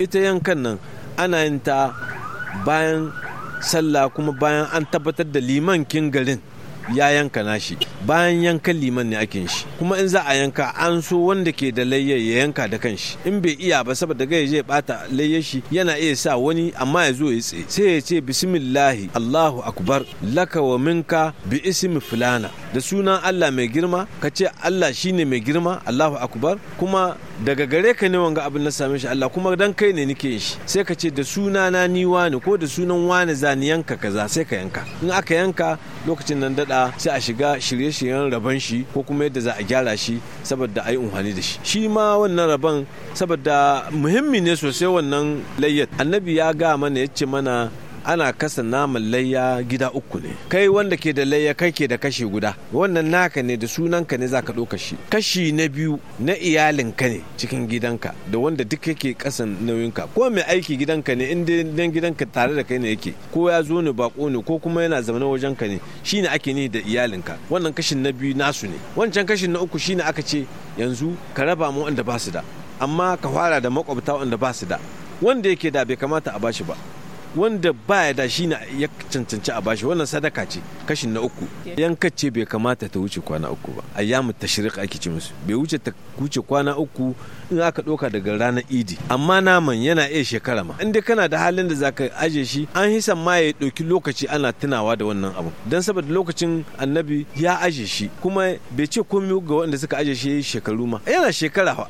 ita yankan nan ana yin ta bayan sallah kuma bayan an tabbatar da liman kin garin ya yanka nashi bayan yankan liman ne ake shi kuma in za a yanka an so wanda ke da layya ya yanka da kanshi in bai iya ba saboda gaya zai bata layyar shi yana iya sa wani amma ya zo ya tsaye sai ya ce bismillahi allahu akbar laka wa minka bi ismi fulana da sunan allah mai girma ka ce allah shine mai girma allahu akbar kuma daga gare ka ne wanga abin na same shi allah kuma dan kai ne nike shi sai ka ce da sunana ni wani ko da sunan wani zaniyanka yanka kaza sai ka yanka in aka yanka lokacin nan dada sai a shiga shirye-shiryen raban shi ko kuma yadda za a gyara shi saboda a yi unhani da shi shi ma wannan raban saboda muhimmi ne sosai wannan layyar annabi ya ga mana ya ce mana ana kasa naman layya gida uku ne kai wanda ke da layya kai ke da kashi guda wannan naka ne da sunanka ne zaka ɗauka shi kashi na biyu na iyalinka ne cikin gidanka da wanda duk yake kasan nauyinka ko mai aiki gidanka ne inda dan gidanka tare da kai ne yake ko ya zo ne bako ne ko kuma yana zaune wajenka ne shine ake ni da iyalinka wannan kashin na biyu nasu ne wancan kashin na uku shine aka ce yanzu ka raba mu wanda ba su da amma ka fara da makwabta wanda ba su da wanda yake da bai kamata a bashi ba wanda baya da shi ya cancanci a bashi wannan sadaka ce kashin na uku yankacce bai kamata ta wuce kwana uku ba a ta tashriq ake ci musu bai wuce ta wuce kwana uku in aka ɗauka daga ranar idi amma naman yana iya shekara ma inda kana da halin da zaka aje shi an hisan ma ya ɗauki lokaci ana tunawa da wannan abu don saboda lokacin annabi ya aje shi kuma bai ce komai ga wanda suka aje shi shekaru ma yana shekara